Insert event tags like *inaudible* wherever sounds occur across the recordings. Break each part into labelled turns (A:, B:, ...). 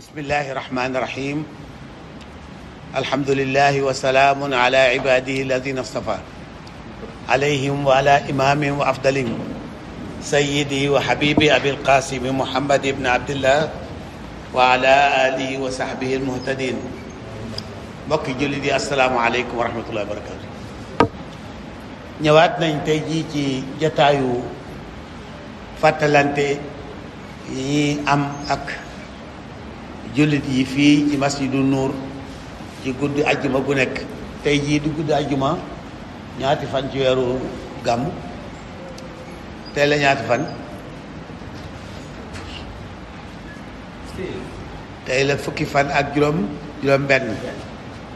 A: bismillahi rahmaani rahim alhamdulilahi wa salaamun ala ibadihi alladina stafa alayhim wa ala imamihim wa afdalihim sayyidi wa habibi abil qasim muhammad ibn abdillah wa ala alihi wa sahbihi almuhtadin mbokki jullit yi asalaamu aleykum wa rahmatullahi wa barakatu ñëwaat nañ tey jii ci jataayu fàttalante yi am ak jullit yi fii ci masjidu nuur ci gudd ajjuma gu nekk tey jii di gudd ajjuma ñaati fan ci weeru gàmm tey la ñaati fan tey la fukki fan ak juróom juróom benn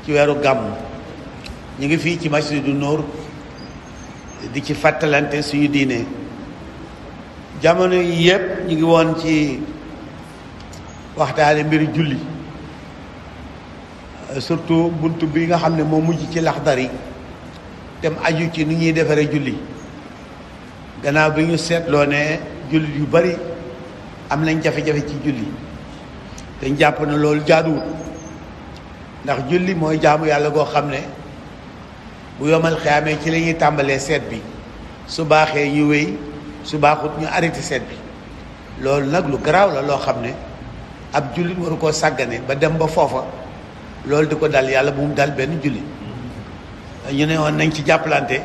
A: ci weeru gàmm ñu ngi fii ci masjidu nuur di ci fàttalante suñu diine jamono yi yëpp ñu ngi woon ci waxtaane mbir julli surtout bunt bi nga xam ne moo mujj ci laxdari tem aju ci ni ñuy defaree julli gannaaw bi ñu seetloo ne jullit yu bari am nañ jafe-jafe ci julli te jàpp na loolu jaaduwul ndax julli mooy jaamu yàlla goo xam ne bu yomal xiyaamee ci lañuy tàmbalee seet bi su baaxee ñu wéy su baaxut ñu arrêté seet bi loolu nag lu garaaw la loo xam ne ab jullit waru koo sàggane ba dem ba foofa loolu di ko dal yàlla bu mu dal benn jullit ñu ne woon nañ ci jàppalante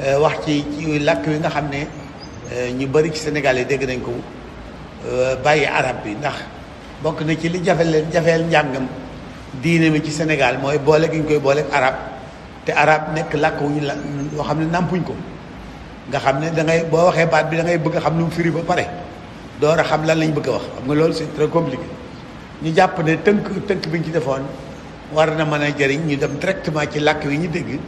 A: euh, wax ci ci làkk wi nga xam ne euh, ñu bari ci Sénégal yi dégg nañ ko euh, bàyyi arab bi ndax bokk na ci li jafe leen jafeel njàngam diine mi ci Sénégal mooy boole gi ñu koy booleeg arab te arab nekk làkk wu ñu la loo xam ne nàmpuñ ko nga xam ne da ngay boo waxee baat bi da ngay bëgg xam nu firi ba pare. door a xam lan lañ bëgg wax am nga loolu c'est très compliqué ñu jàpp ne tënk tënk bi ñu ci defoon war na mën a jëriñ ñu dem directement ci làkk wi ñu dégg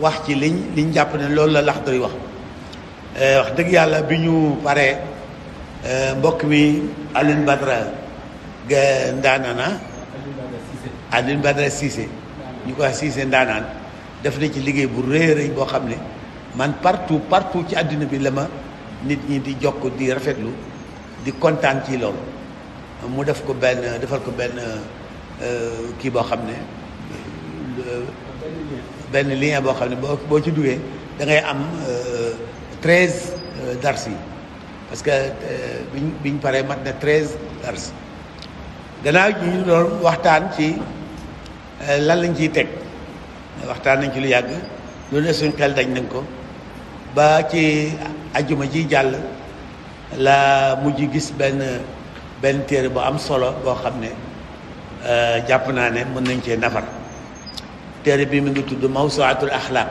A: wax ci liñ liñ jàpp ne loolu la lax doy wax euh, wax dëgg yàlla bi ñu paree euh, mbokk mi Alioune Badara ga ndaanana Alioune Badara Cissé ñu ko wax Cissé ndaanaan def na ci liggéey bu rëy rëy boo xam ne man partout partout ci àddina bi la ma nit ñi di jokk di rafetlu di kontaan ci lool mu def ko benn defal ko benn euh, kii boo xam ne euh, benn lien boo xam ne boo boo ci duwee da ngay am euh, treize dars yi parce que biñ biñ paree mat na treize dars gannaaw ñu lool waxtaan ci lan lañ ciy teg waxtaan nañ ci lu yàgg loolu ne suñ xel dañ nañ ko ba ci ajuma ji jàll laa mujj gis benn benn téere bu am solo boo xam ne euh, jàpp naa ne mën nañ cee nafar téere bi mu ngi tudd mawsuatul axlaaq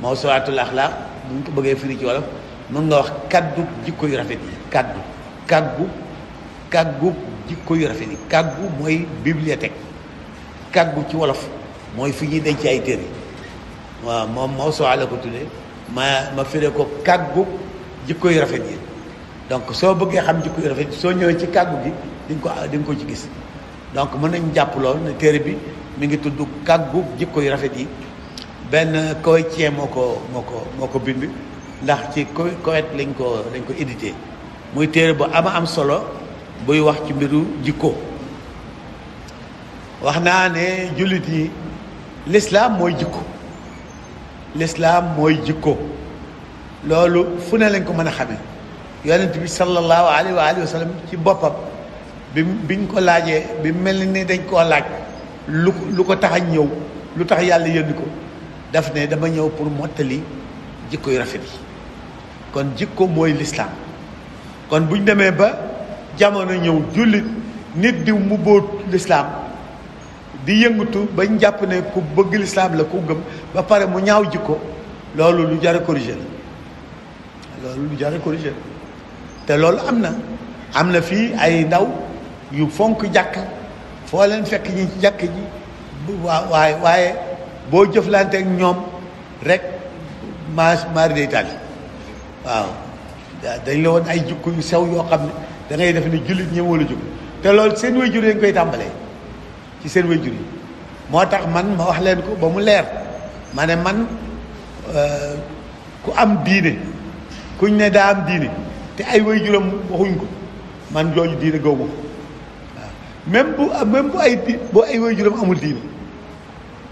A: mawsuatul axlaaq bu ñu ko bëggee firi ci wolof mën nga wax kaddu jikko yu rafet yi kaddu kàggu kàggu jikko yu rafet yi kaggu mooy bibliothèque kaggu ci wolof mooy fi ñuy denc ay téere waaw moom mawsuwa la ko tuddee ma ma firee ko kaggu jikko yu rafet yi donc soo bëggee xam jikko yu rafet soo ñëwee ci kàggu gi di ko di nga ko ci gis donc mën nañ jàpp loolu ne téere bi mu ngi tudd kàggu jikko yu rafet yi benn koweïtien moo ko moo ko moo ko bind ndax ci Koweït lañ ko lañ ko édité muy téere bu ama am solo buy wax ci mbiru jikko wax naa ne jullit yi lislaam mooy jikko lislaam mooy jikko loolu fu ne lañ ko mën a xamee yonent bi sallallahu alayhi wa alihi ci boppam bi biñ ko laajee bi mel ni dañ koo laaj lu ko tax a ñëw lu tax yàlla yónni ko def ne dama ñëw pour mottali jikko yu rafet yi kon jikko mooy lislaam kon buñ demee ba jamono ñëw jullit nit di mu bóot lislaam di yëngatu bañ jàpp ne ku bëgg lislaam la ku gëm ba pare mu ñaaw jikko loolu lu jar a corriger la loolu lu jar a te loolu am na am na fii ay ndaw yu fonk jàkka foo leen fekk ñi ci jàkk ji waa waaye waaye boo jëflanteek ñoom rek mas mari day tali waaw dañ la woon ay jukko yu sew yoo xam ne da def ni jullit ñi wala jug te lool seen waajur yi koy tàmbalee ci seen waajur yi moo tax man ma wax leen ko ba mu leer ma ne man euh, ku am diine kuñ ne daa am diine te ay way juróom waxuñ ko man jooju diine gaw waaw même bu même bu ay bu ay way juróom amul diine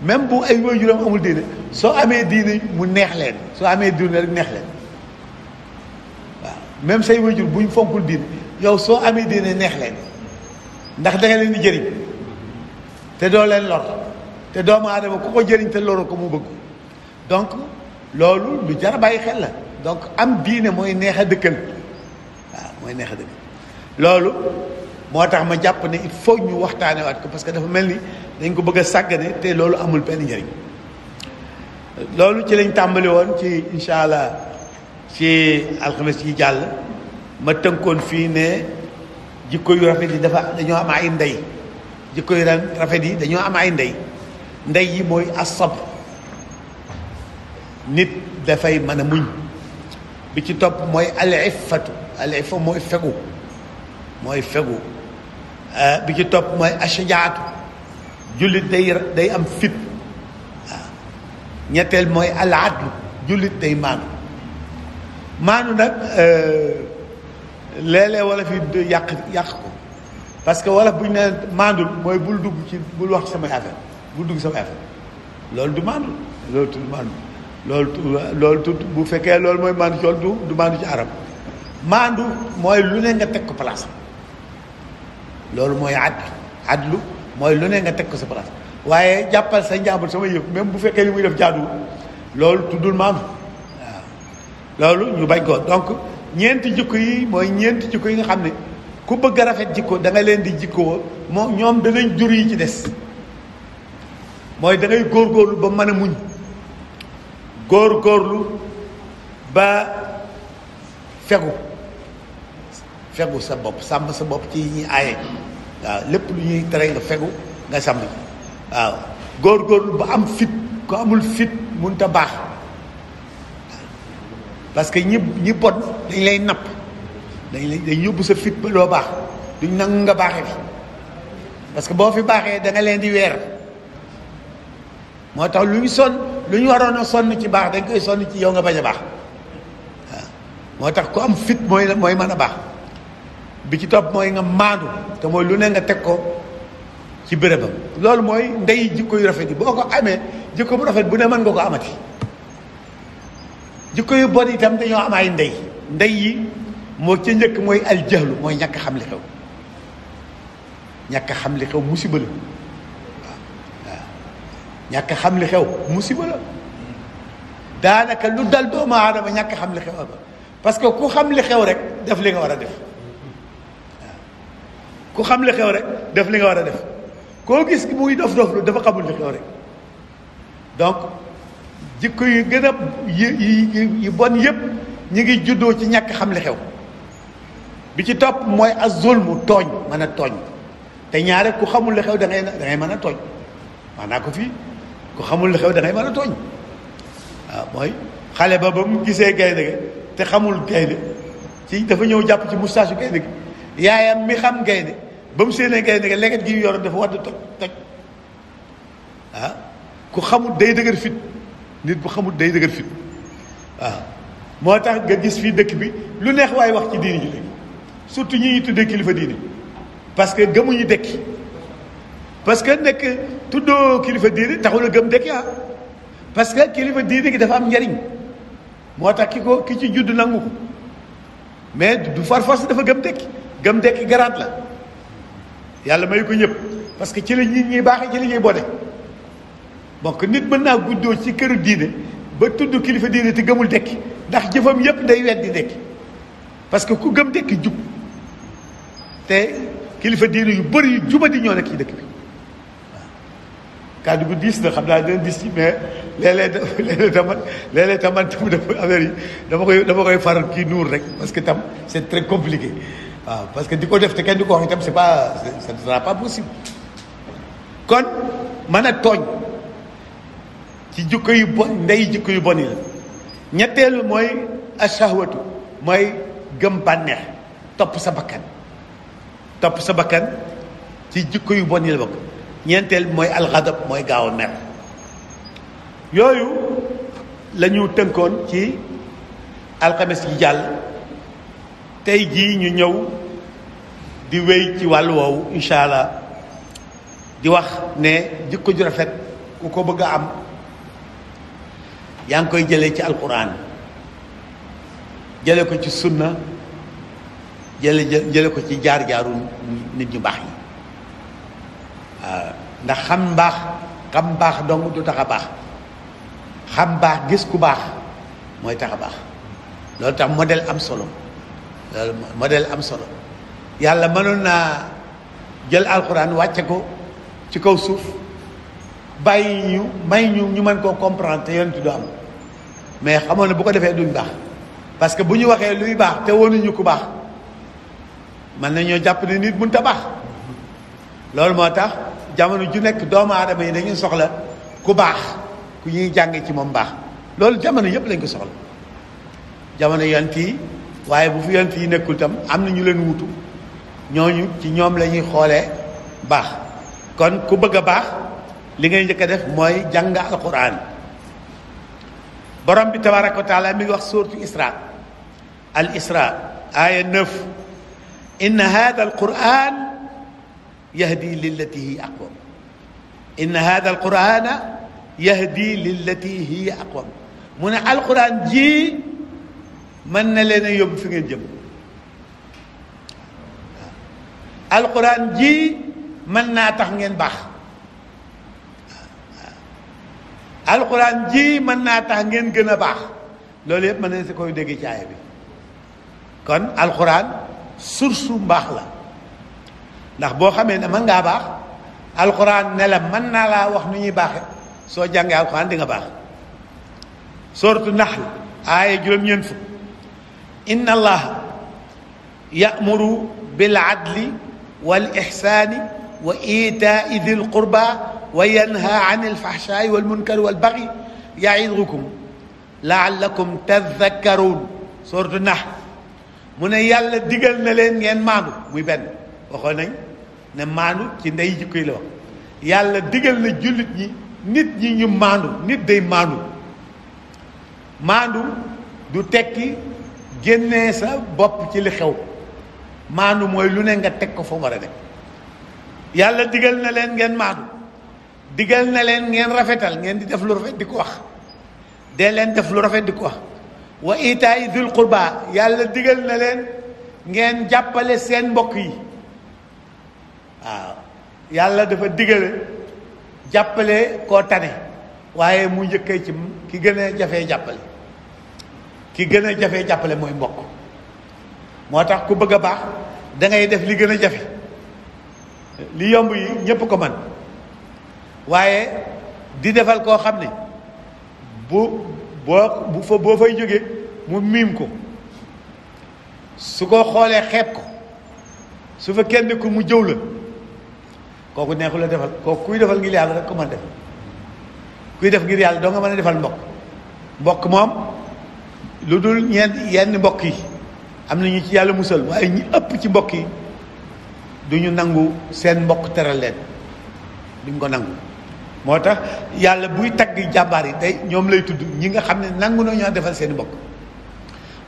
A: même bu ay way juróom amul diine soo amee diine mu neex leen soo amee diine rek neex leen waaw même jur buñ fonkul diine yow soo amee diine neex leen ndax da nga leen di jëriñ te doo leen lor te doomu aadama ku ko jëriñ te loro ko mu bëgg donc loolu lu jar a bàyyi xel la donc am diine mooy neex a dëkkal waaw mooy neex a dëgg loolu moo tax ma jàpp ne it faut ñu waxtaane waat ko parce que dafa mel ni dañ ko bëgg sàggane te loolu amul benn njëriñ loolu ci lañ tàmbali woon ci incha allah ci alxames yi jàll ma tënkoon fii ne jikko yu rafet yi dafa dañoo am ay ndey jikko yu rafet yi dañoo am ay ndey ndey yi mooy asab nit dafay man a muñ bi ci topp mooy al iffatu alifan mooy fegu mooy fegu bi ci topp mooy ashajaatu jullit day day am fit waaw ñetteel mooy alaadlu jullit day maanu maanu nag léeg-léeg wala fi yàq yàq ko parce que wala bu ñu nee maandul mooy bul dugg ci bul wax samay affaire bul dugg samay affaire loolu du maandul loolu tudd maandul loolu tudd bu fekkee loolu mooy maandu ci du du maandu ci arab maandu mooy lu ne nga teg ko place loolu mooy adlu adlu mooy lu ne nga teg ko sa place waaye jàppal sa njàmbur sama yëf même bu fekkee li muy def jaaduwul loolu tuddul maandu waaw loolu ñu bañ ko donc ñeenti jikko yi mooy ñeenti jikko yi nga xam ne ku bëgg a rafet jikko da nga leen di jikkoo moo ñoom danañ jur yi ci des mooy da góor góorlu ba mën a muñ góorgóorlu ba fegu fegu sa bopp sàmm sa bopp ci ñuy aaye waaw lépp lu ñuy tere nga fegu nga sàmm ci waaw góorgóorlu ba am fit ku amul fit mënut a baax parce que ñi ñi bon dañ lay napp dañ lay dañ yóbbu sa fit ba loo baax duñ nangu nga baaxee fi parce que boo fi baaxee da leen di weer moo tax lu ñu sonn lu ñu waroon a sonn ci baax dañ koy sonn ci yow nga bañ a baax waaw moo tax ku am fit mooy mooy mën a baax bi ci topp mooy nga maandu te mooy lu ne nga teg ko ci bérébam loolu mooy ndey jikko yu rafet yi boo ko amee jikko bu rafet bu ne mën nga ko amati jikko yu bon itam dañoo am ay ndey ndey yi moo ci njëkk mooy aljahlu mooy ñàkk xam li xew ñàkk xam li xew musiba la ñàkk xam li xew musiba la daanaka lu dal doomu aadama ñàkk xam li xew ba parce que ku xam li xew rek def li nga war a def ku xam li xew rek def li nga war a def koo gis muy dof dof lu dafa xamul li xew rek donc jikko yu gën a yi bon yëpp ñu ngi juddoo ci ñàkk xam li xew bi ci topp mooy azulmu tooñ mën a tooñ te ñaare ku xamul li xew da ngay mën a tooñ maanaa ko ku xamul li xew da ngay mën a tooñ mooy xale ba ba mu gisee gaynde ga te xamul gaynde ci dafa ñëw jàpp ci mustaasu gaynde gi yaayam mi xam gaynde ba mu séenee gaynde gi leket gi mu yoroon dafa war di toj toj ah, ku xamul day dëgër fit nit bu xamul day dëgër fit waaw ah, moo tax nga gis fii dëkk bi lu neex waaye wax ci diini surtout ñi ñuy tuddee kilifa diini parce que gëmuñu dëkki parce que nekk tuddoo kilifa diini taxul a gëm dëkk yaa ah. parce que kilifa diini gi dafa am njariñ moo tax ki ko ki ci judd nangu ko mais du farfas dafa gëm dëkk gëm dëkk garaat la yàlla may ko ñëpp parce que ci la nit ñi baaxee ci la ñuy bone donc nit mën naa guddoo ci këru diine ba tudd kilifa diine te gëmul dekki ndax jëfam yëpp day di dekki parce que ku gëm dekki jub te kilifa diine yu bëri yu jubadi ñoo nekk ci dëkk bi kàddu gu diis na xam naa dina diis ci mais léeg-léeg *laughs* léeg-léeg dama léeg-léeg tam man tam affaire yi dama koy dama koy faral kii nuur rek parce que tam c'est très compliqué waaw ah, parce que di ko def te kenn di ko wax itam c'est pas pas possible kon mën a tooñ ci jikko yu bon ndey jikko yu bon yi la ñetteelu mooy ashahwatu mooy gëm bànneex topp sa bakkan topp sa bakkan ci jikko yu bon yi la bokk ñeenteel mooy alxadab mooy gaaw a mer yooyu lañu tënkoon ci alxames yi jàll tey jii ñu ñëw di wéy ci wàllu woowu incha allah di wax ne jikko ju rafet ku ko bëgg a am yaa ngi koy jëlee ci alquran jële ko ci sunna jële jële ko ci jaar-jaaru nit ñu baax yi waaw ndax xam mbaax xam mbaax dong du tax a baax xam baax gis ku baax mooy tax a baax loolu tax modèle am solo loolu modèle am solo yàlla mënoon naa jël alxuraan wàcce ko ci kaw suuf bàyyi ñu may ñu ñu mën koo comprendre te yonent du am mais xamoon na bu ko defee duñ baax parce que bu ñu waxee luy baax te wonuñu ku baax mën nañoo jàpp ne nit mënut a baax loolu moo tax jamono ju nekk doomu aadama yi dañuy soxla ku baax ku ñuy jàng ci moom baax loolu jamono yëpp lañ ko soxla jamono yonent yi waaye bu fi yonent yi nekkul tam am na ñu leen wutu ñooñu ci ñoom la ñuy xoolee baax kon ku bëgg a baax li ngay njëkk a def mooy jàng alquran borom bi tabaraka wa taala mi ngi wax suuratu isra al isra aaya neuf inna hada alquran yahdi lillati hiya aqwam inna hada alqurana yahdi lillati hiya aqwam mu ne alquran ji mën na leen a yóbbu fi ngeen jëm alxuraan ji mën naa tax ngeen baax alquran ji mën naa tax ngeen gën a baax loolu yëpp mën nañ si koy dégg ci aaya bi kon alquran source mbaax la ndax boo xamee ne mën ngaa baax alxuraan ne mën naa laa wax nu ñuy baaxe soo jàngee alquran di nga baax sooratu naxl aaya juróom-ñeent fukk inna allah ya'muru bil adli wal ihsaani wa iitaa'i dil qurba wa yanha anil fahshaa'i wal munkari wal bagyi ya'idukum la'allakum tadhakkaruun sooratu Nahl mu ne yàlla digal na leen ngeen maandu muy benn waxoon nañ ne maandu ci ndey jikko yi la wax yàlla digal na jullit ñi nit ñi ñu maandu nit day maandu maandu du tekki génnee sa bopp ci li xew maandu mooy lu ne nga teg ko fa war a nekk yàlla digal na leen ngeen maandu digal na leen ngeen rafetal ngeen di def lu rafet di ko wax dee leen def lu rafet di ko wax wa itaay dul qurba yàlla diggal na leen ngeen jàppale seen mbokk yi waaw yàlla dafa digale jàppale koo tane waaye mu njëkkee ci ki gën a jafee jàppale ki gën a jafe jàppale mooy mbokk moo tax ku bëgg a baax da ngay def li gën a jafe li yomb yi ñépp ko man waaye di defal koo xam ne bu boo bu fa boo fay jógee mu miim ko su ko xoolee xeeb ko su fa kenn ku mu jëw la kooku neexul la defal kooku kuy defal ngir yàlla rek ko mën def kuy def ngir yàlla doo nga mën a defal mbokk mbokk moom lu dul ñeent yenn mbokk yi am na ñu ci yàlla musal waaye ñi ëpp ci mbokk yi du ñu nangu seen mbokk teral leen duñ ko nangu moo tax yàlla buy tagg jàmbaar yi tey ñoom lay tudd ñi nga xam ne nangu na ñaa defal seeni mbokk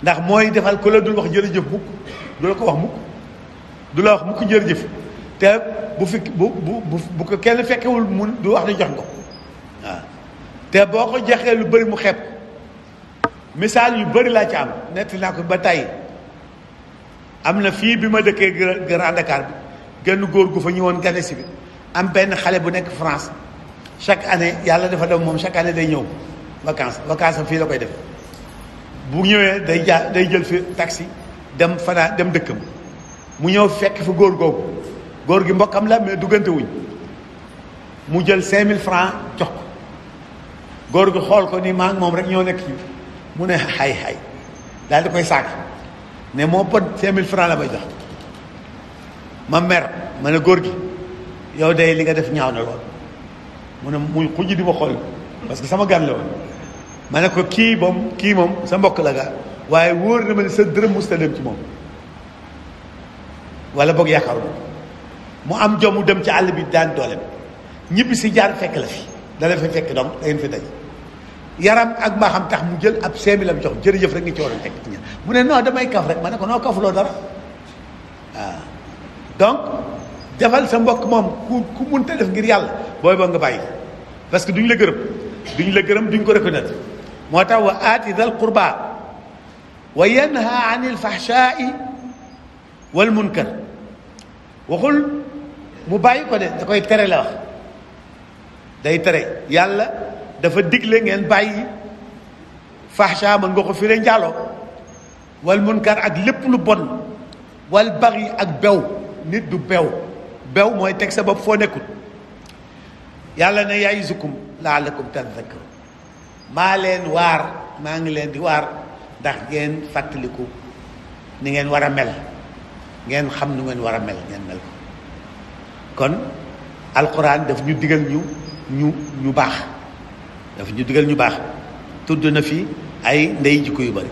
A: ndax mooy defal ku la dul wax jërëjëf mukk du la ko wax mukk du la wax mukk jërëjëf te bu fi bu bu bu kenn fekkewul mun du wax ne jox nga ko waaw te boo ko joxee lu bari mu xepp misaal yu bëri laa ci am nett naa ko ba tey am na fii bi ma dëkkee Grand Dakar bi genn góor gu fa ñëwoon gane si bi am benn xale bu nekk France chaque année yàlla dafa dem moom chaque année day ñëw vacances vacances am fii la koy def bu ñëwee day jaa day jël fi taxi dem fanaa dem dëkk dëkkam mu ñëw fekk fi góor googu góor gi mbokk am la mais duggante mu jël 5000 francs jox ko góor gi xool ko ni maa ngi moom rek ñoo nekk fii mu ne xay xay daal di koy sàkk ne moo pot cinq mille francs la may jox ma mer ma ne góor gi yow de li nga def ñaaw na lool mu ne muy xujj di ma xool parce que sama gan la woon ma ne ko kii moom kii moom sa mbokk la ga waaye wóor na ma ne sa dërëm musta ci moom walla boog yaakaaru mu am jom mu dem ci àll bi daan doolem ñibbi si jaar fekk la fi dala fi fekk donc da ngeen fi daj yaram ak mbaaxam tax mu jël ab seemi la mu jox jërëjëf rek ngi ci war a teg mu ne non damay kaf rek ko noo kafuloo dara donc defal sa mbokk moom ku munta def ngir yàlla booy boo nga bàyyi parce que duñ la gërëm duñ la gërëm duñ ko reconnaître moo tax wa aati dal qurba wa yanha anil fahshaai wal munkar waxul mu bàyyi ko de da koy tere la wax day tere yàlla dafa digle ngeen bàyyi fahsha mën nga ko firee njaaloo wal munkar ak lépp lu bon wal yi ak bew nit du bew bew mooy teg sa bopp foo nekkul yàlla ne ya'izukum la'allakum tadhakkarun maa leen waar maa ngi leen di waar ndax ngeen fàttaliku ni ngeen war a mel ngeen xam nu ngeen war a mel ngeen mel ko kon alquran daf ñu digal ñu ñu ñu baax dafa ñu digal ñu baax tudd na fi ay ndey jikko yu bari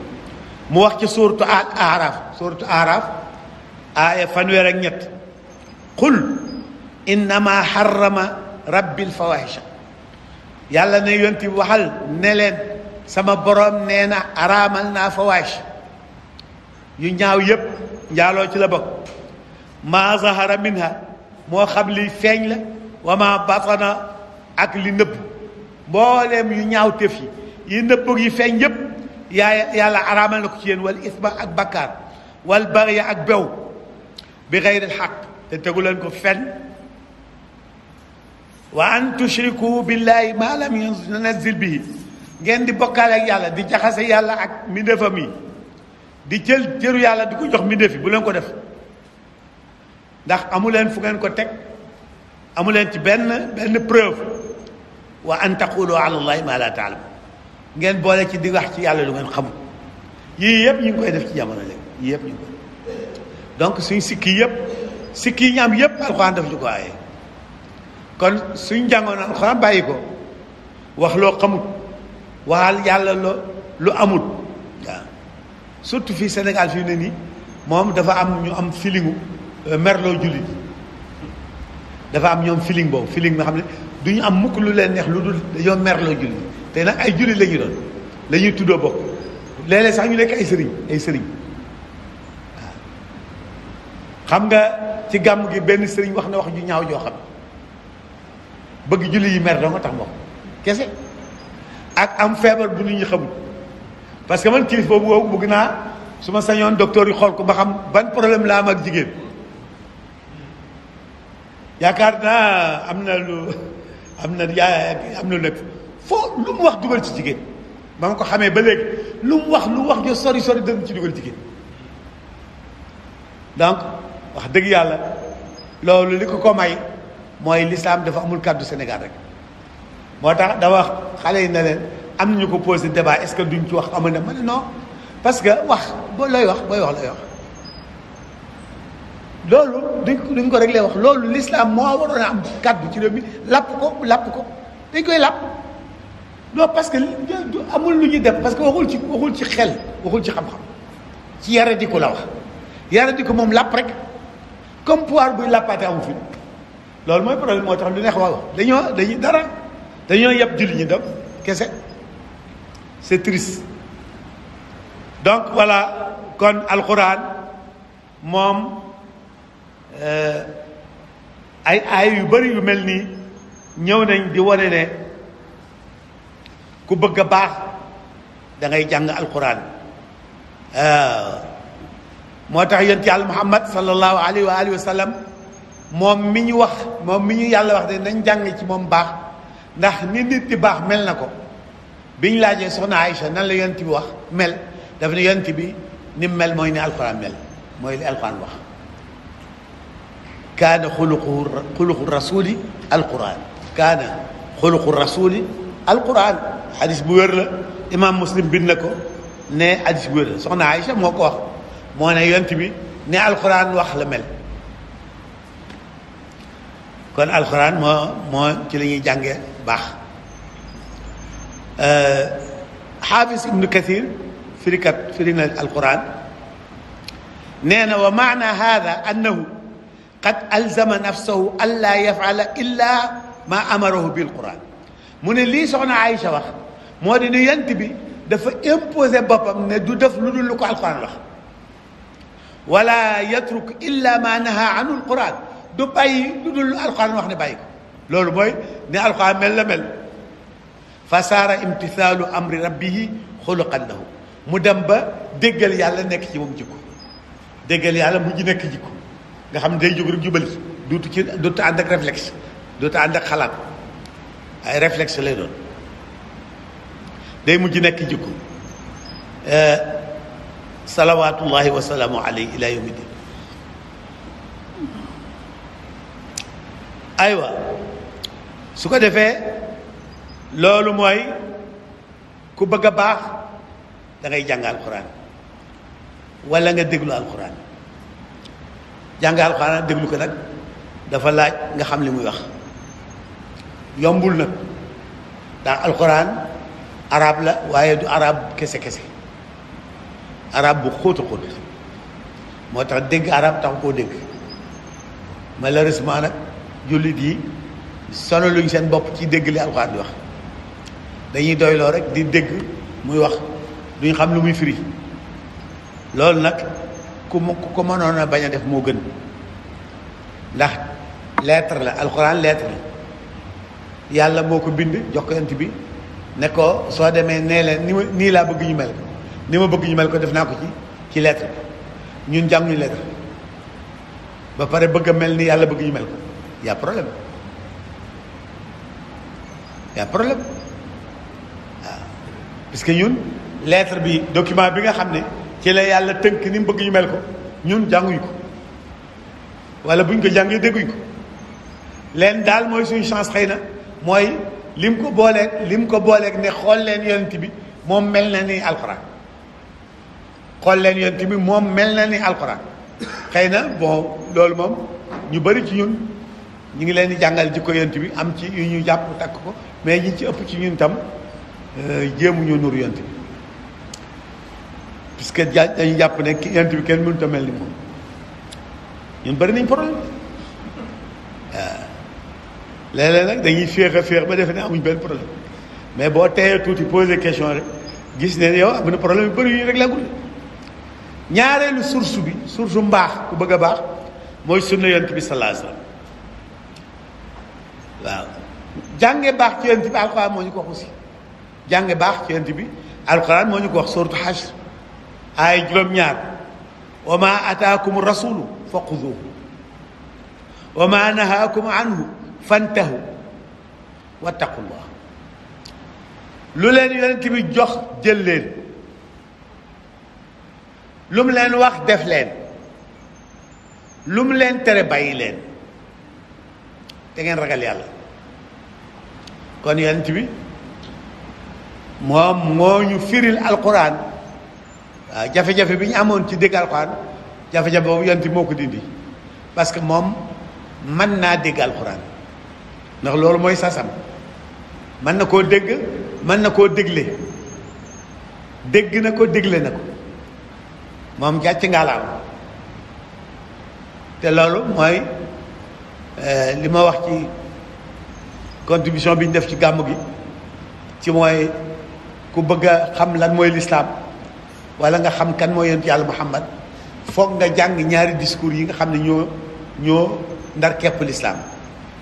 A: mu wax ci suurtu ak aaraaf suurtu aaraaf aaya fanweer ak ñett qul innama harrama rabbil fawahisha yàlla ne yonti waxal ne leen sama boroom nee na araamal naa fawaahish yu ñaaw yépp njaaloo ci la bokk ma zahara minha moo xam li feeñ la wa ma batana ak li nëbb mbooleem yu ñaaw tëf yi yi nëbbëg yi feeñ yëpp yaa yàlla araamal na ko ci yéen wal isma ak bakkaar wal bariya ak bew bi xayril xaq te tegu leen ko fen wa an tushriku billahi ma lam yunazil bihi ngeen di bokkaale yàlla di jaxase yàlla ak mbindéefam yi di jël jëru yàlla di ko jox mbindéef yi bu leen ko def ndax amu leen fu ngeen ko teg amu leen ci benn benn preuve waa an taqulu ala allahi ma la taalam ngeen boole ci di wax ci yàlla lu ngeen xamul yii yëpp ñu koy def ci jamono léegi yii yëpp ñu ngi koy donc suñ sikki yëpp sikki yi ñu yëpp alxuraan def ñu ko aaye kon suñ jàngoon alxuraan bàyyi ko wax loo xamut waxal yàlla loo lu amut waaw surtout fii Sénégal fii ne nii moom dafa am ñu am feelingu euh, merloo jullit dafa am ñoom feeling boobu feeling nga xam ne du ñu am mukk lu leen neex lu dul dañoo merloo julli te nag ay julli la ñu doon lañuy tuddoo bokk léeg sax ñu nekk ay sëriñ ay sëriñ waaw xam nga ci gàmm gi benn sëriñ wax na wax ju ñaaw joo xam bëgg julli yi mer doo nga tax moom kese ak am feebar bu nit ñi xamul parce que man kilifa boobu bëgg naa su ma sañoon docteur yi xool ko ba xam ban problème la am ak jigéen yaakaar naa am na lu. am na yaay am na lépp foo lu mu wax dugal ci jigéen ba mu ko xamee ba léegi lu mu wax lu wax jo sori sori dëgg ci dugal jigéen donc wax dëgg yàlla loolu li ko ko may mooy lislaam dafa amul kàddu Sénégal rek moo tax dama wax xale yi na leen am na ñu ko posé débat est-ce que duñ ci wax amul na ma ne non parce que wax boo looy wax booy wax looy wax loolu duñ ko duñ ko réglé wax loolu l'islam moo waroon a am kàddu ci réew mi làpp ko làpp ko dañ koy làpp non parce que amul lu ñuy def parce que waxul ci waxul ci xel waxul ci xam-xam ci yaradi ko la wax yaradi ko moom làpp rek comme pouvoir buy làppaate amu fi loolu mooy problème moo tax lu neex waaw dañoo dañuy dara dañoo yab julli ñi dem kese c'est triste donc voilà kon alxuraan moom. Euh, ay ay yu bari yu mel nii ñëw nañ di wone ne ku bëgg a baax dangay ngay jàng alquran euh, moo tax yonent yàlla muhammad sallallahu alayhi wa alihi wa sallam moom mi ñu wax moom mi ñu yàlla wax de nañ jàng ci moom baax ndax ni nit di baax mel na ko bi ñu laajee soxna Aïcha nan la yonent bi wax mel dafa ne yonent bi ni mel mooy ni alquran mel mooy li alquran wax kaana xuluqu xuluqu rasuli alquran kaana xuluqu rasuli alquran xadis bu wér la imam muslim bind na ko ne xadis bu wér la soxna Aïcha moo ko wax moo ne yont bi ne alquran wax la mel kon alquran moo moo ci la ñuy jànge baax xaafis euh, ibnu kathir firikat firi na alquran nee na wa maana hada annahu qad alzama nafsahu an laa yafala illa ma amarahu bil quran mu ne lii soxna Aïcha wax moo di ne yant bi dafa imposé boppam ne du def lu dul lu ko alquran wax wala yatruk illa ma naha anhu alquran du bàyyi lu dul lu alquran wax ne bàyyi ko loolu mooy ne alquran mel la mel fa saara imtithaalu amri rabbihi xuluqan lahu mu dem ba déggal yàlla nekk ci moom jikko déggal yàlla mu ji nekk jikko nga xam ne day jóg rek jubali duutu ci duutu ànd ak réflexe duutu ànd ak xalaat ay réflexe lay doon day mujj nekk jikko eh, salawaatullahi wa salaamu alayhi ila yawmi din aywa su ko defee loolu mooy ku bëgg a baax da ngay jàng alxuraan wala nga déglu alxuraan jàng alxuraan déglu ko nag dafa laaj nga xam li muy wax yombul nag ndax alxuraan arab la waaye du arab kese kese arab bu xóotu xóot moo tax dégg arab tax koo dégg la malheureusement nag jullit yi sono luñ seen bopp ci dégg li alxuraan di wax dañuy doyloo rek di dégg muy wax duñ xam lu muy firi loolu nag ku mu ku ko mënoon a bañ a def moo gën ndax lettre la alxuraan lettre la yàlla moo ko bind jox ko ant bi ne ko soo demee nee leen ni ma nii laa bëgg ñu mel ko ni ma bëgg ñu mel ko def naa ko ci ci lettre bi ñun jànguñu lettre ba pare bëgg a mel ni yàlla bëgg ñu mel ko y' problème y' problème waaw que ñun lettre bi document bi nga xam ne. ki yàlla tënk ni mu bëgg ñu mel ko ñun jànguñu ko wala buñ ko jàngee dégguñ ko leen daal mooy suñu chance xëy na mooy lim ko booleeg lim ko booleek ne xool leen yonent bi moom mel na ni alxuraan xool leen yonent bi moom mel na ni alxuraan xëy na bon loolu moom ñu bari ci ñun ñu ngi leen di jàngal jikko yonent bi am ci yu ñu jàpp takk ko mais ñi ci ëpp ci ñun tam euh, jéemuñu nur yonent bi puisque dañu jàpp ne ki yent bi kenn mënut a mel ni moom ñun bëri nañ problème waaw ah. léeg nag dañuy féex a féex ba defe ne amuñ benn problème mais boo teeyee tuuti poser question rek gis ne yow am na problème yu bëri yu ñu réglé gul ñaareelu source bi source mbaax ku bëgg a baax mooy sunna yonent bi sallallahu alayhi wasallam waaw jànge baax ci yonent bi alxuraan moo ñu ko wax baax ci bi alxuraan moo ñu ko wax sourate Hashr ay juróom-ñaar wa ma ataakum rasulu fa xuduhu wa ma nahaakum anhu fantahu wattaqullah lu leen yonent bi jox jël leen lu mu leen wax def leen lu mu leen tere bàyyi leen te ngeen ragal yàlla kon yonent bi moom moo ñu firil alquran waaw euh, jafe-jafe bi ñu amoon ci dégg alxuraan jafe-jafe boobu yonti moo ko dindi parce que moom mën naa dégg alxuraan ndax loolu mooy sasam mën na koo dégg mën na koo dégle dégg na ko dégle na ko moom gàcc ngalaam te loolu mooy euh, li ma wax ci contribution bi ñu def ci gàmm gi ci mooy ku bëgg a xam lan mooy lislaam wala nga xam kan moo yonent yàlla muhammad foog nga jàng ñaari discours yi nga xam ne ñoo ñoo ndar kepp lislaam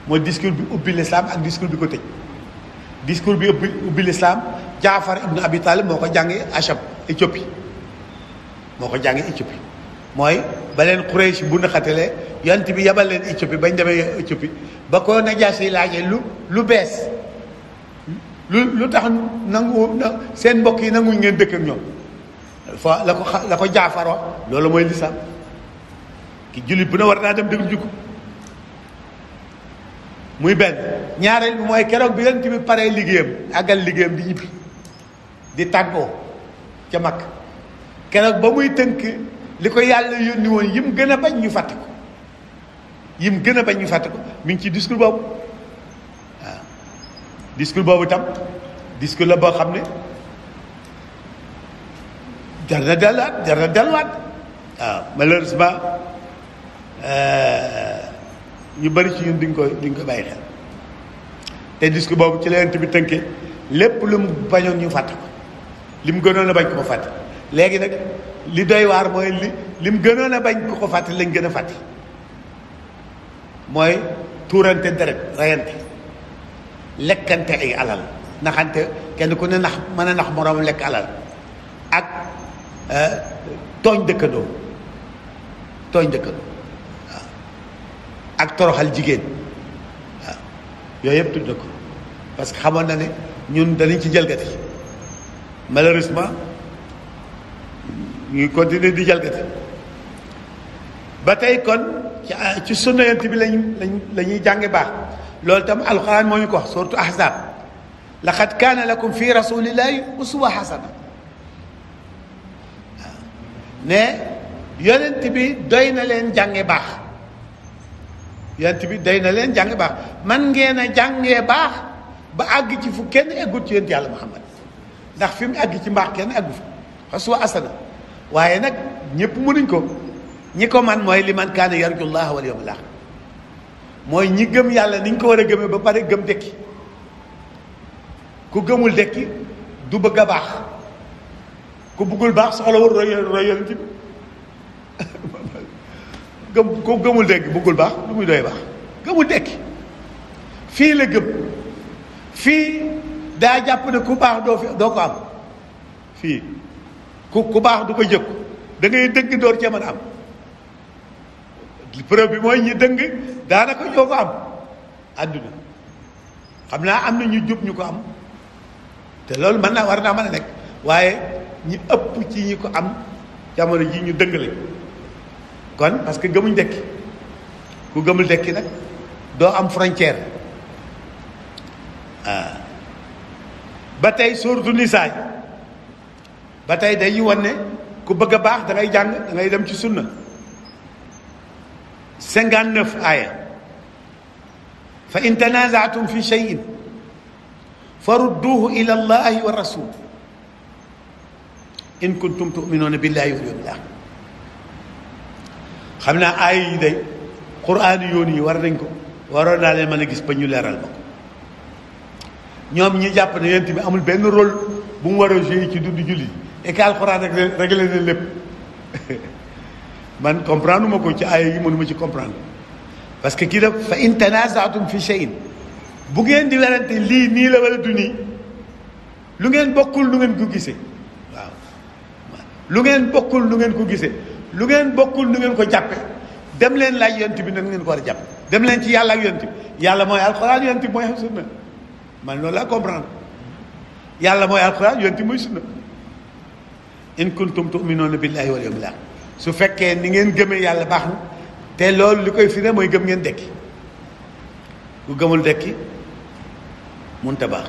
A: mooy discours bi ubbi lislaam ak discours bi ko tëj discours bi ubbi ubbi lislaam jaafar ibnu abi talib moo ko jànge achab éthiopie moo ko jànge éthiopie mooy ba leen Quraysh bu na xatale yonent bi yebal leen éthiopie bañ demee éthiopie ba ko Najaasi laajee lu lu bees lu lu tax nangu seen mbokk yi nanguñ ngeen dëkk ñoom fa la ko la ko jaafaroo loolu mooy lislaam ki jullit bu na war naa dem déglu jikko muy benn ñaareel bi mooy keroog bi yonent bi paree liggéeyam àggal liggéeyam di ñibbi di tàggoo ca mag keroog ba muy tënk li ko yàlla yónni woon yim gën a bañ ñu fàtte ko yim gën a bañ ñu fàtte ko mi ngi ci discours boobu waaw discours boobu tam discours la boo xam ne jar na delluwaat jar na delluwaat waaw malheureusement euh, ñu bari ci ñun duñ ko duñ ko bàyyi xel te disque boobu ci la bi tënkee lépp lu mu bañoon ñu fàtt ko li mu gënoon a bañ ko ko fàtte léegi nag li doy waar mooy li li mu gënoon a bañ ko ko lañ gën a fàtte mooy tuurante deret rayante lekkante ay alal naxante kenn ku ne nax mën a nax moroom lekk alal ak tooñ dëkkandoo tooñ dëkkandoo waaw ak toroxal jigéen waaw yooyu yëpp tudd na parce que xamoon ne ñun danañ ci jalgati malheureusement ñuy continuer di jalgati ba tey kon ci sunna yonent bi lañ lañ la ñuy jànge baax loolu tam alxuraan moo ñu ko wax surtout ahzab laqad kaana lakum fi rasulillahi uswa hasana ne yonent bi doy na leen jànge baax yonent bi doy na leen jànge baax man ngeen a jàngee baax ba àgg ci fu kenn eggut ci yonent yàlla muhammad ndax fi mu àgg ci mbaax kenn àggu fi xasuwa asana waaye nag ñëpp mënuñ ko ñi ko man mooy li man kaana yarju llaah wal yawmal aaxir mooy ñi gëm yàlla ni ñu ko war a gëmee ba pare gëm dekki ku gëmul dekki du bëgg a baax ku bëggul baax soxla roy roy yonent bi ku gëmul dégg bëggul baax lu muy doy baax gëmul dekki fii la gëm fii daa jàpp ne ku baax doo doo ko am fii ku ku baax du ko jëkku dangay ngay door cee mën am preuve bi mooy ñi dëng daanaka ñoo ko am àdduna xam naa am na ñu jub ñu ko am te loolu mën naa war naa mën a nekk waaye ñi ëpp ci ñi ko am jamono ji ñu dëngale kon parce que gëmuñ dekki ku gëmul dekki nag doo am frontière ah. ba tey suuratu nisaa ba tey dañu wan ku bëgg a baax dangay jàng dangay dem ci sunna cinquante neuf aaya fa in tanazaatum fi cheyin fa rudduuhu ila allahi wa rasul in kuntum tuminuuna billahi wal yawmil axir xam naa aay yi day quraan yoon yi war nañ ko waroon naa leen mën a gis ba ñu leeral ba ko ñoom ñi jàpp ne yonent bi amul benn rôle bu mu war a joué ci dundu julli et que alxuraan rek réglé na lépp *laughs* man comprendre ma ko ci aaya yi mënuma ci comprendre parce que kii daf fa in tanazaatum fi shay'in bu ngeen di werante lii nii la wala du lu ngeen bokkul lu ngeen ko gisee lu ngeen bokkul lu ngeen ko gisee lu ngeen bokkul lu ngeen ko jàppe dem leen laaj yonent bi nag ngeen ko war a jàpp dem leen ci yàlla ak yonent bi yàlla mooy alxuraan yonent bi mooy sunna man loolu laa comprendre yàlla mooy alxuraan yonent bi mooy sunna in kuntum tuminuuna billahi wal yawmil axir su fekkee ni ngeen gëmee yàlla baax na te loolu li koy fire mooy gëm ngeen dekki ku gëmul dekki mënut a baax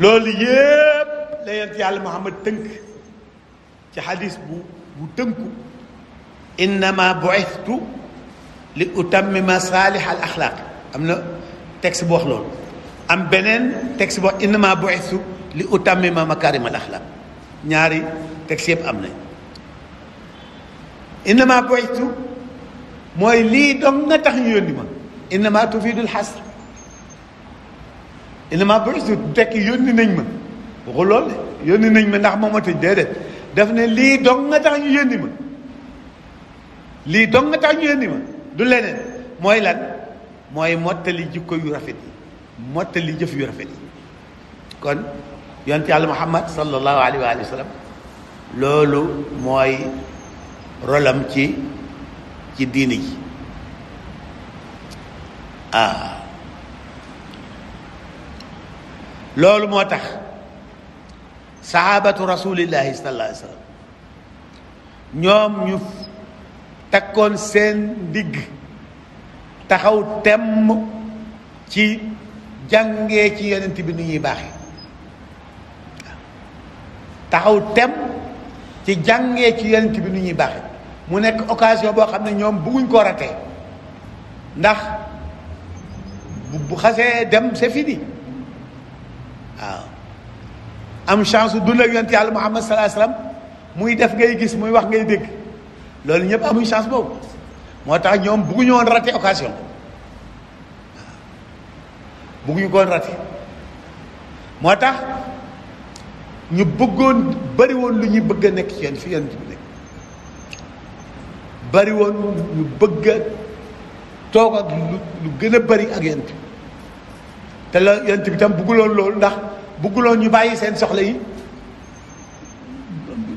A: loolu yépp la yonent yàlla Muhammad tënk ci xadis bu bu tënku innama bu'istu li utammima saalih al am na texte bu wax loolu am beneen texte bu wax innama bu'istu li utammima makarim al ñaari texte yëpp am na innama bu'istu mooy lii dong nga tax ñu yónni ma innama tufidul xasr innama bu'istu tekki yónni nañ ma waxul loolu de yónni nañ ma ndax moom a tëj déedéet def na lii dong nga tax ñu yónni ma lii dong nga tax ñu yónni ma du leneen mooy lan mooy mottali jikko yu rafet yi mottali jëf yu rafet yi kon yonent yàlla muhammad sallallahu alayhi wa sallam loolu mooy rolam ci ci diini ji ah. loolu moo tax sahabatu rasulillahi sallallahu alayhi wa sallam ñoom ñu takkoon seen digg taxaw temm ci jàngee ci yonent bi ni ñuy baaxee taxaw temm ci jàngee ci yonent bi ni ñuy baaxee mu nekk occasion boo xam ne ñoom bëgguñ ko ratee ndax bu xasee dem c'est fini waaw am chance dund ak yonent yàlla Muhammad sallallahu alayhi wasallam muy def ngay gis muy wax ngay dégg loolu ñëpp amuñ chance boobu moo tax ñoom bugguñu woon raté occasion bugguñu koon raté moo tax ñu bëggoon bari woon lu ñuy bëgg a nekk ci yéen fi yéen bi nekk bari woon ñu bëgg a toog ak lu gën a bari ak yéen te la yéen bi tam bugguloon loolu ndax bugguloo ñu bàyyi seen soxla yi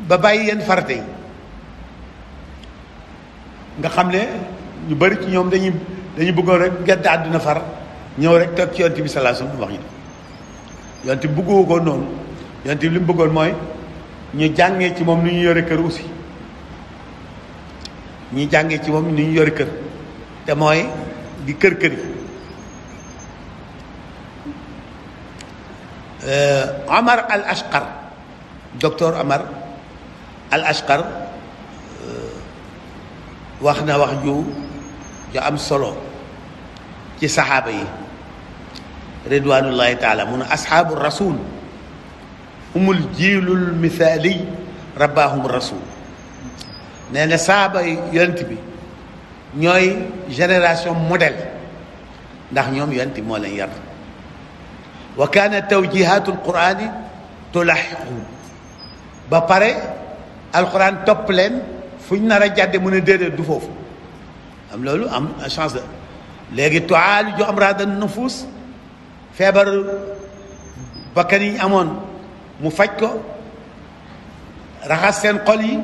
A: ba bàyyi yenn farate yi nga xam ne ñu bari ci ñoom dañuy dañuy bëggoon rek gedd àdduna far ñëw rek toog ci yonent bi sallallahu alayhi wasallam wax ñu yonent bi bëggoo noonu yonent bi mu bëggoon mooy ñu jàngee ci moom ni ñu yore kër aussi ñu jànge ci moom ni ñu yore kër te mooy di kër kër yi Euh, Omar al Ashqar docteur Omar al Ashqar euh, wax na wax ju ju am solo ci saxaaba yi ridwanullahi taala mun ashaabu rasul umul jiilul mithaali rabbaahum rasul nee na saaba yonent bi ñooy génération modèle ndax ñoom yonent moo leen yar wa kaanat tawjihatul qur'ani tulaxiqu ba pare alquran topp leen fu ñu nar a jàdde mu a déedéet du foofu am loolu am chance la léegi tuaaliju amraadan nufuus feebar bakkan yi amoon mu faj ko raxas seen xol yi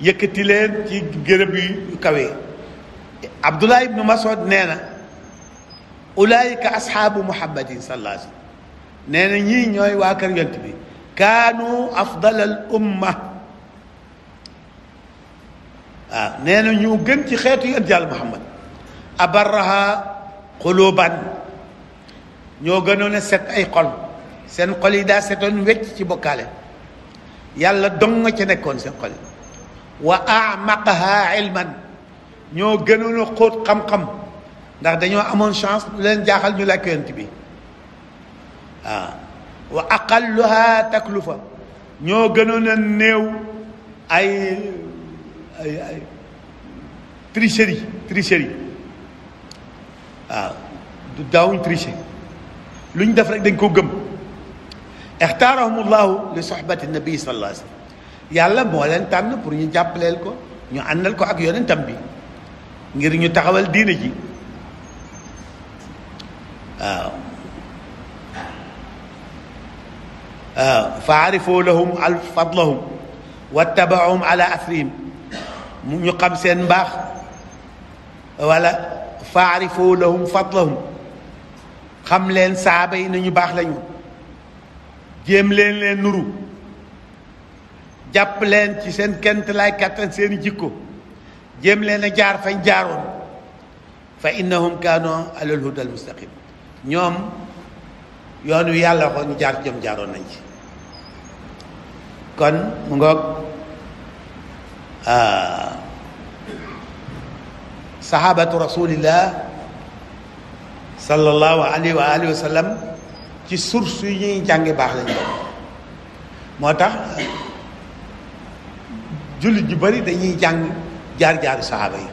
A: yëkkati leen ci gërëb yu kawe Abdullah ibnu Mas'ud nee na ulaayika ashaabu muhammadin sallallahu alayhi nee na ñii ñooy waa kër yont bi kaanu afdal al umma waaw ah, nee na ñu gën ci xeetu yont yàlla muhammad abarraha xuluban ñoo gënoon a set ay xol seen xol yi daa setoon wecc ci bokkale yàlla dong nga ci nekkoon seen xol yi wa amaqaha ilman ñoo gënoon a xóot ndax dañoo amoon chance lu leen jaaxal ñu làkk yonent bi waaw ah. wa aqalluha taklufa ñoo gënoon a néew ay ay ay tricherie tricherie waaw ah. du daawuñ tricher lu ñu def rek dañ ko gëm ixtaarahum llahu li sohbati nabi sallallahu alayhi wa sallam yàlla moo leen tànn pour ñu jàppaleel ko ñu àndal ko ak yonentam bi ngir ñu taxawal diine ji waaw waaw fa arifoo lahum al fadlahum wattabaahum ala asrihim ñu xam seen mbaax wala fa arifoo lahum fadlahum xam leen saaba yi nañu baax lañu jéem leen leen nuru jàpp leen ci seen kent lay kattan seeni jikko jéem leen a jaar fañ jaaroon fa innahum kaanu alal huda al mustaqim ñoom yoon wi yàlla waxoon ñu jaar jëm jaaroon nañ ci kon mu ngoog ah, sahabatu rasulillah sallallahu alayhi wa alihi ci source su ñuy jàngi baax lañ doon moo tax jullit ju bëri dañuy jàng jaar-jaaru sahaaba yi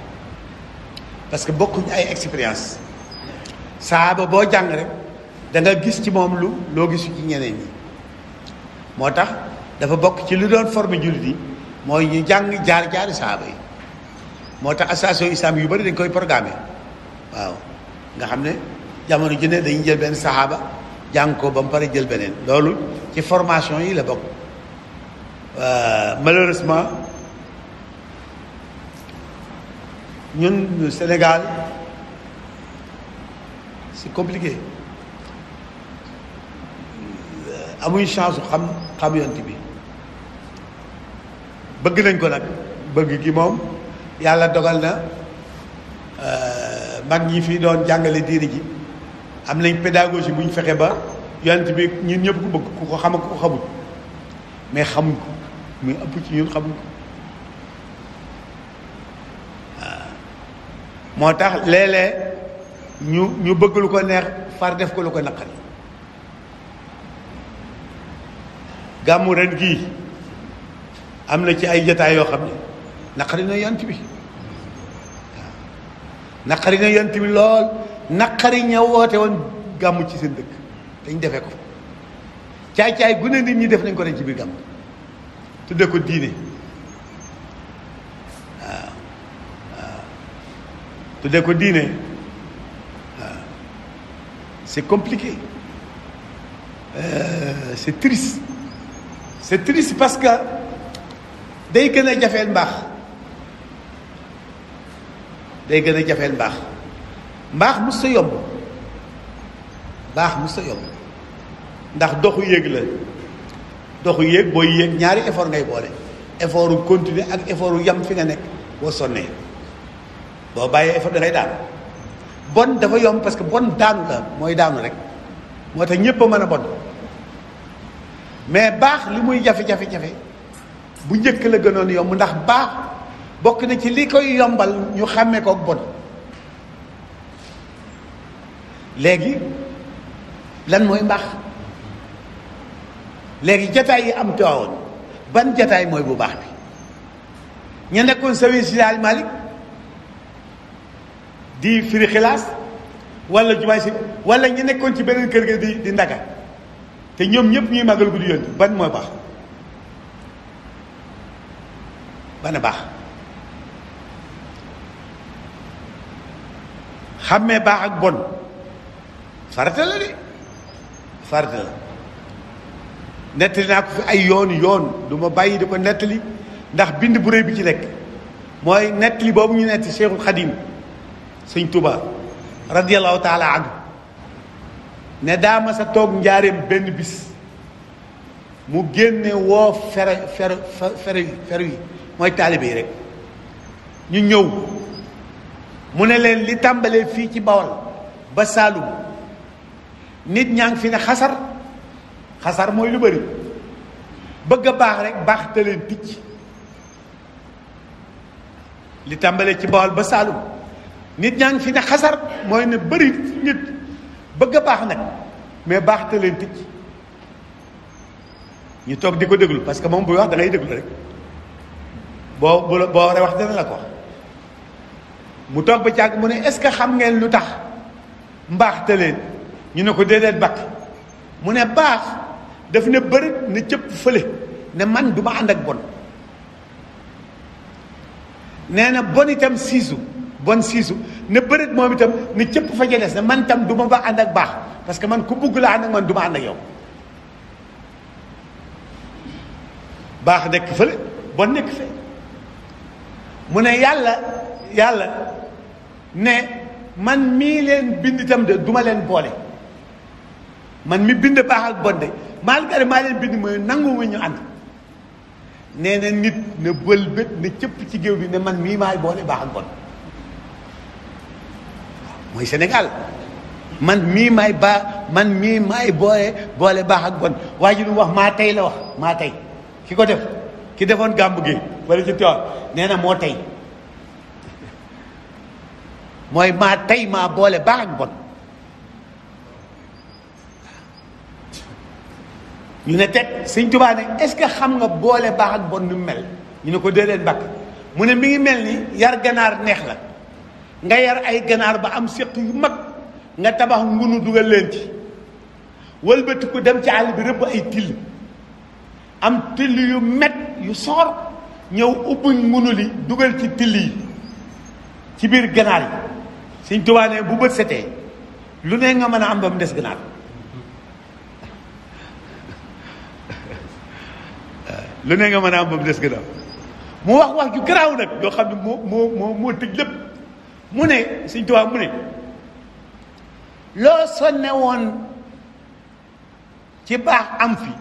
A: parce que bokkuñ ay expérience saaba boo jàng rek danga gis ci moom lu loo gisu ci ñeneen ñi moo tax dafa bokk ci lu doon forme jullit yi mooy ñu jàng jaar-jaari saaba yi moo tax association islam yu bari dañ koy programme waaw nga xam ne jamono ju ne dañuy jël benn saxaaba jàng ko ba mu pare jël beneen loolu ci formation yi la bokk euh, malheureusement ñun Sénégal ci compliqué amuñ chance xam xam yont bi bëgg nañ ko nag bëgg gi moom yàlla dogal na euh, mag ñi fi doon jàngale diine ji am nañ pédagogie bu fexe ba yont bi ñun ñëpp ku bëgg ku ko xam ak ku ko xamul mais xamuñ ko muy ëpp ci ñun xamuñ ko moo tax léeg-léeg ñu ñu bëgg lu ko neex far def ko lu ko naqari gàmmu ren gii am na ci ay jotaay yoo xam ne naqari na yant bi naqari na yant bi lool naqari ña woote woon gàmmu ci seen dëkk dañ defe ko caay-caay gu ne nit ñi def nañ ko ren ci biir gàmmu tudde ko diine waaw waaw tudde ko diine C'est compliqué. Euh, c'est triste. C'est triste parce que day gën a jafeel mbaax day gën a jafeel mbaax mbaax mu sa yomb mbaax mu sa yomb ndax doxu yéeg la doxu yéeg boo yéeg ñaari effort ngay boole effort u continuer ak effort u yam fi nga nekk boo sonnee boo bàyyee effort dangay daal bon dafa yomb parce que bon daanu la mooy daanu rek moo tax ñëpp a mën a bon mais baax li muy jafe-jafe-jafe bu njëkk la gënoon yomb ndax baax bokk na ci li koy yombal ñu xàmmee kook bon léegi lan mooy mbaax léegi jataay yi am toowoon ban jataay mooy bu baax bi ña nekkoon service Malick di firi xilaas wala jumaay si wala ñu nekkoon ci beneen kër ga di di ndaga te ñoom ñëpp ñuy màggal guddi ba ban mooy baax ba a baax xàmmee baax ak bon farata la de farata la nettali naa ko fi ay yoon yoon du ma bàyyi di ko nettali ndax bind bu rëy bi ci nekk mooy nettali boobu ñu netti Cheikhul Khadim suñ Tuba radiallahu taala anhu ne daa mas a toog njaareem benn bis mu génne woo fere fere fere fere yi mooy taalibe rek ñu ñëw mu ne leen li tàmbalee fii ci Bawol ba Saalum nit ñaa ngi fi ne xasar xasar mooy lu bari bëgg a baax rek baax te leen li tàmbalee ci Bawol ba Saalum nit ñaa ngi fi ne xasar mooy ne bëri nit bëgg a baax nag mais baax te leen tëj ñu toog di ko déglu parce que moom buy wax da ngay déglu rek boo boo waree wax dana la ko wax mu toog ba càgg mu ne est-ce que xam ngeen lu tax mbaax te leen ñu ne ko déedéet bakk mu ne baax daf ne bërit ne cëpp fële ne man du ànd ak bon nee na bon itam siisu bon siisu ne bëreet moom itam ne cëpp fa ca des ne man tam du ba ànd ak baax parce que man ku bugg la ànd du ma ànd ak yow baax bon nekk fe ne yàlla yàlla ne man mii leen bind itam de duma leen boole man mi bind baax ak bon de malgré maa leen bind mooy nangu ñu ànd nee na nit na bëlbët na cëpp ci géew bi ne man mii maay boole baax ak bon mooy Sénégal man mii may ba man mii may boole boole baax ak bon waa ji wax maa tey la wax maa tey ki ko def ki defoon gàmb gi wala ci tool nee na moo tey mooy maa tey maa boole baax ak bon ñu ne teg sëñ Tuubaa est-ce que xam nga boole baax ak bon nu mel ñu ne ko dee leen bakk mu ne mi ngi mel ni yar ganaar neex la nga yar ay ganaar ba am séq yu mag nga tabax ngunu dugal leen ci wëlbatiku dem ci àll bi rëbb ay till am till yu met yu soor ñëw ubbi ngunu li dugal ci till yi ci biir ganaar yi Sëñ Tuubaa bu bët setee lu ne nga mën a am ba des ganaar lu ne nga mën a am des ganaar mu wax wax ju garaaw nag yoo xam ne moo moo moo moo tëj lépp mu ne Sëñ Tuubaa mu ne loo sonne woon ci baax am fi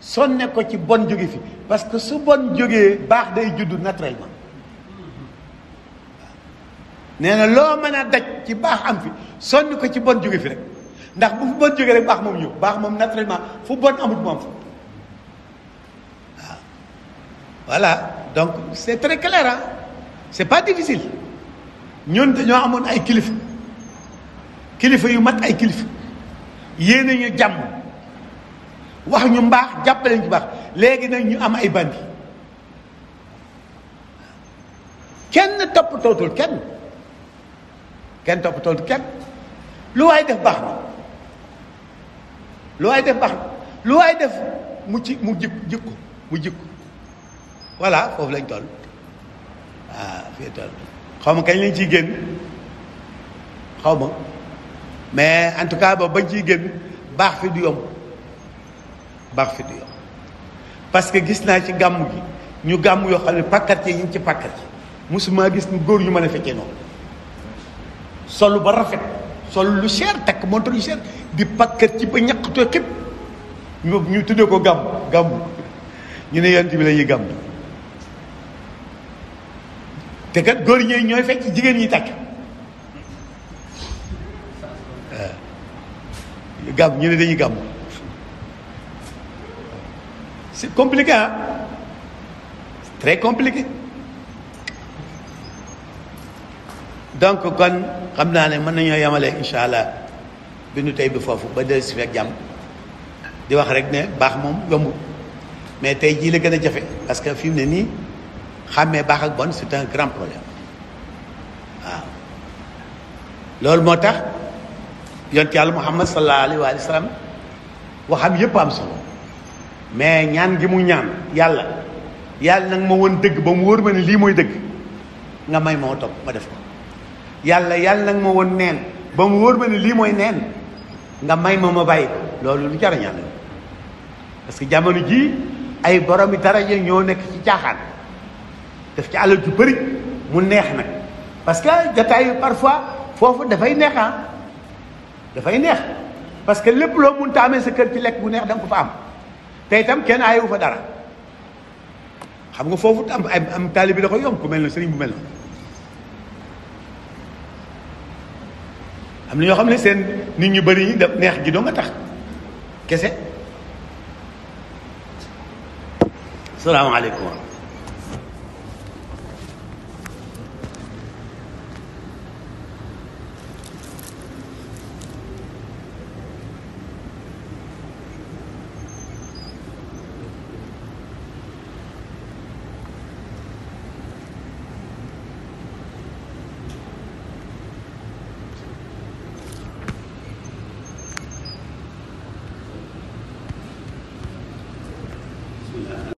A: sonne ko ci bon jóge fi parce que su bon jógee baax day juddu naturellement nee na loo mën a daj ci baax am fi sonne ko ci bon jóge fi rek ndax bu fu bon jógee rek baax moom ñëw baax moom naturellement fu bon amut moom fa waaw voilà donc c'est très clair ah c'est pas difficile ñun dañoo amoon ay kilifa kilifa yu mat ay kilifa yéene ñu jàmm wax ñu mbaax jàppale ñu baax léegi nag ñu am ay bandi kenn topp tootul kenn kenn topp tootul kenn lu waay def baax na lu waay def baax na mu ci jikko mu jikko voilà foofu lañ toll waaw fii toll xaw ma kañ lañ ciy génn xaw ma mais en tout cas ba bañ ciy génn baax fi du yomb baax fi du yomb parce que gis naa ci gàmm gi ñu gàmm yoo xam ne pàkkat yi ñu ci pàkkat yi musuma gis ñu góor ñu mën a fekkee noonu sol ba rafet sol lu cher takk montre lu cher di pàkkat ci ba ñaqatoo képp ñu ñu tuddee ko gàmm gàmm ñu ne yonent bi la gàmm te kat góor ñooy ñooy fecc jigéen ñi takk waaw eh. gàmm ñu ne dañuy gàmm c'est compliqué ah très compliqué donc kon xam naa ne mën nañoo yemale incha allah bi nu tey bi foofu ba dellu si fekk jàmm di wax rek ne baax moom yombul mais tey jii la gën a jafe parce que fi mu ne nii xàmmee baax ak bon c'est un grand problème waaw loolu moo tax yont yàlla muhammad sallallahu alayhi wa sallam waxam yépp am solo mais ñaan gi mu ñaan yàlla yàlla nag ma woon dëgg ba mu wóor ma ne lii mooy dëgg nga may moo topp ma def ko yàlla yàlla nag ma woon neen ba mu wóor ma ni lii mooy neen nga may ma ma bàyyi loolu lu jar a ñaan parce que jamono jii ay boromi dara ñoo nekk ci caaxaan def ci alal ju bëri mu neex na parce que jataay yu parfois foofu dafay neex ah dafay neex parce que lépp loo mënta amee sa lekk bu neex da nga ko fa am te itam kenn aayewu fa dara xam nga foofu am am taali bi da koy yomb ku mel na sëriñ bu mel na am na ñoo xam ne seen nit ñu bëri ñi def neex gi doo nga tax kese salaamaaleykum